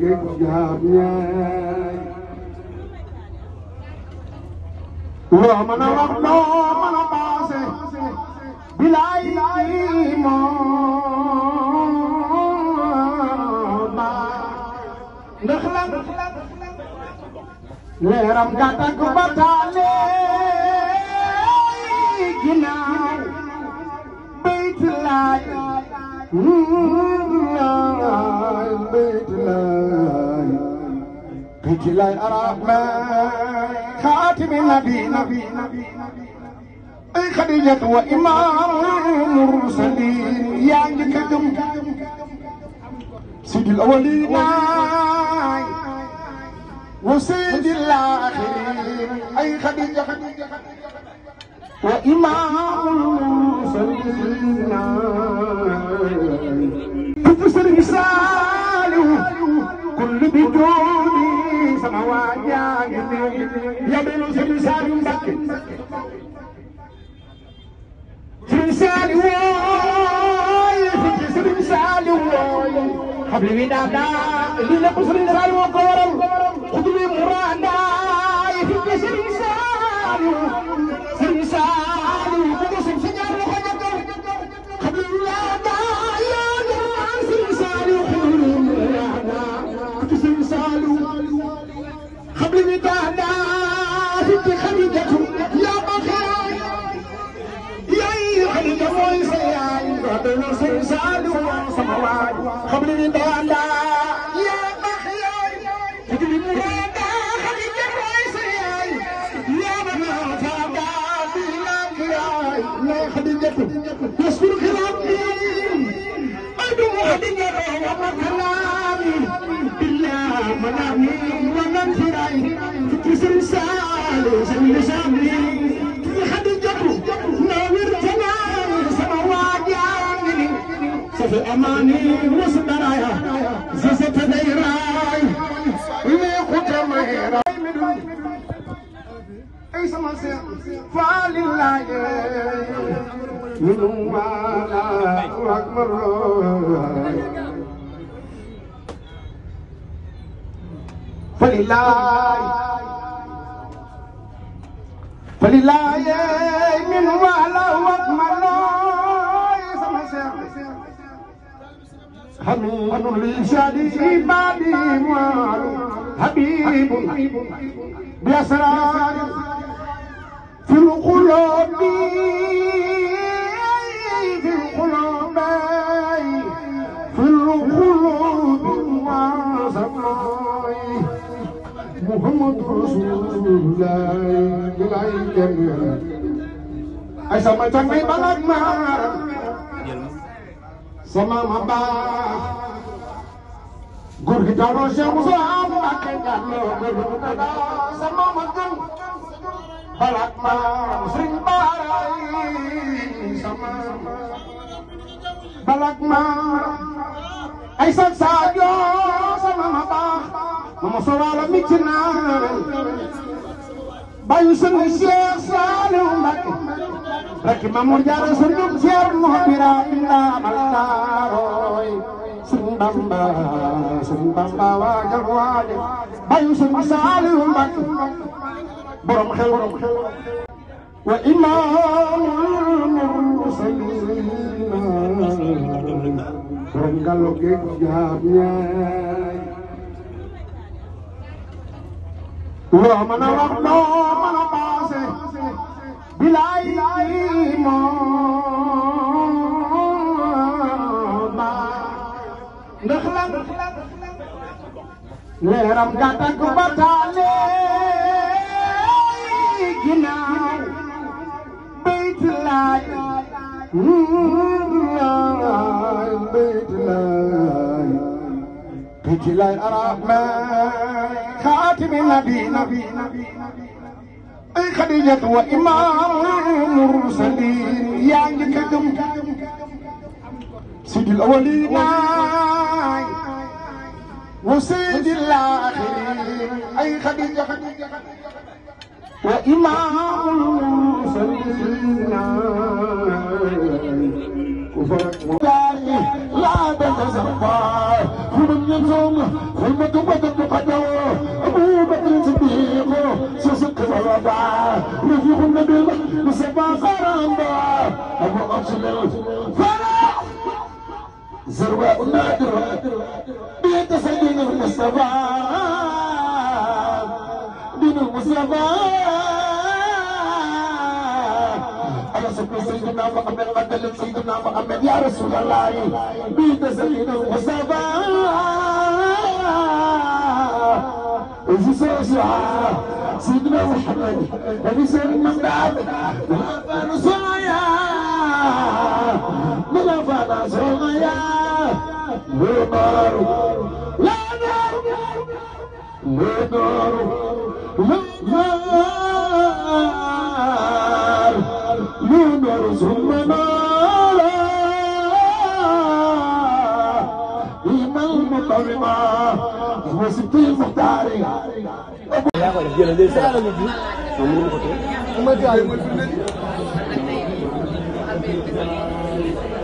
géej jaar ñaay loo mën a wax loo mën a paase bilaay kii moo baax ndax lan leeram gàttal ko ba taalee ginnaaw بجلال الرحمن خاتم النبي نبي نبي خديجة وإمام المرسلين يا جكدم سيد الأولين وسيد الآخرين أي خديجة خديجة خديجة وإمام المرسلين كنت سلم سالو كل بدوني سماوات يا بنو سلم سالو مبكي سلم سالو سلم سالو قبل من أبناء اللي لقوا سلم سالو وقوروا doylu sëñ Saadu sama waay xam li ni daanda yaa bax yaay jigéen ñi daanda xali jaray sa yaay yaa bax naa saada bi laak yaay lay xali jatu yaskur xilaat bi adu mu xali jatu wa makalaami billah manami wa nansiraay fikri sëñ Saadu sëñ أماني وصدرايا زيزت ديراي ويخوت مهيرا أي سمسة فالله من وانا أكبر فلله فلله حميد لساني بالي مال حبيب بأسرار في القلوب في القلوب في القلوب وسماي محمد رسول الله بالعين جميعا أسمع تنبي بلد مهارا sama ma baax góor gi daanoo Cheikh Moussa Mbacke daanoo góor gi mu daa sama ma gën balak ma sëriñ baaraay sama balak ma ay sax sax yoo sama ma baax ma ma sooraala mi ci naan bayu sëriñ Cheikh Saliou ki Mamour Diarra sëriñ Ceerno Birahima amal taaroy sëriñ Bamba sëriñ Bamba waajal waajal bayu sëriñ Saliou Mbacke borom xel borom xel wa imaamul mursaliin borom galo géej jaab ñaay loo mën a wax loo mën a paase bilaa leeram ga tag ba taale ginaaw bayt laay bayt laay bayt laay arahman xaatimi nabi nabi ay xadijatu wa imaamul mursalin yaa ngi ka gëm sidil awalina وسيد الآخرين أي خديجة خديجة وإمام المرسلين لا تتصفى فمن يلزم ثم تبدل مقدم أبو بكر صديق سسك فرضا رفيق النبي مصطفى قرنبا أبو أبصر ذروة نادرة بيتس دين المصطفى دين المصطفى على سكر سيدنا محمد قدل سيدنا محمد يا رسول الله بيتس دين المصطفى سيدنا محمد ونسير المنداب وفانسويا ملافانا سويا ونار لا نار ونار ونار ونار ثم نار إما المطرمة وسبت المختار Thank you.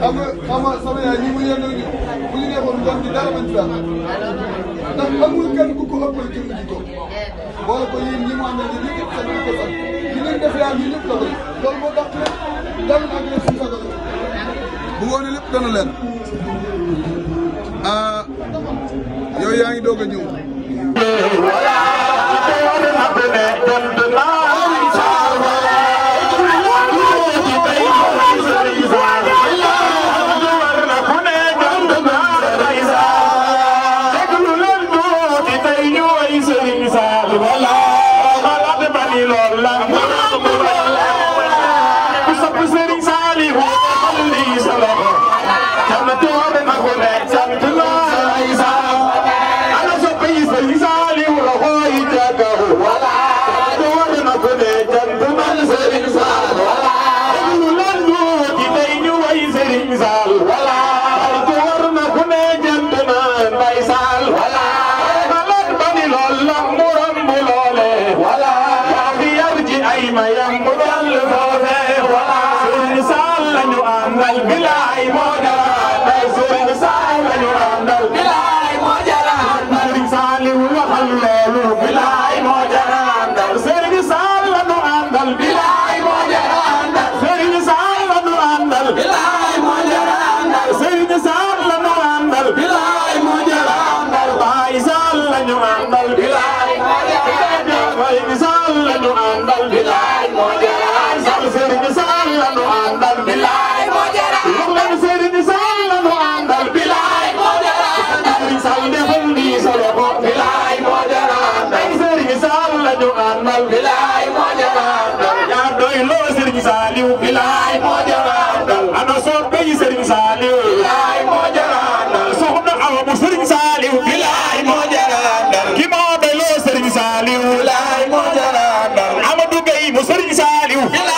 xam nga xam nga sama yaay ñi mu yëndoo ni bu ñu neexoon doom ji dara bañ ci ndax amul kenn ku ko ëppal jëmm ji ko boole ko yéen ñi mu àndal ñi ñëpp seen ko sax la ko loolu moo tax rek dal ak leen suñu sagal bu woon lépp dana leen ah yow yaa ngi doog a ñëw. Go in the side. Serigne Saliou bilaay moo jaraandal ana soppe yi Serigne Saliou bilaay moo jaraandal soxna Awa mu Serigne Saliou bilaay moo jaraandal ki moo beloo Serigne Saliou bilaay moo jaraandal Amadou Gueye mu Serigne Saliou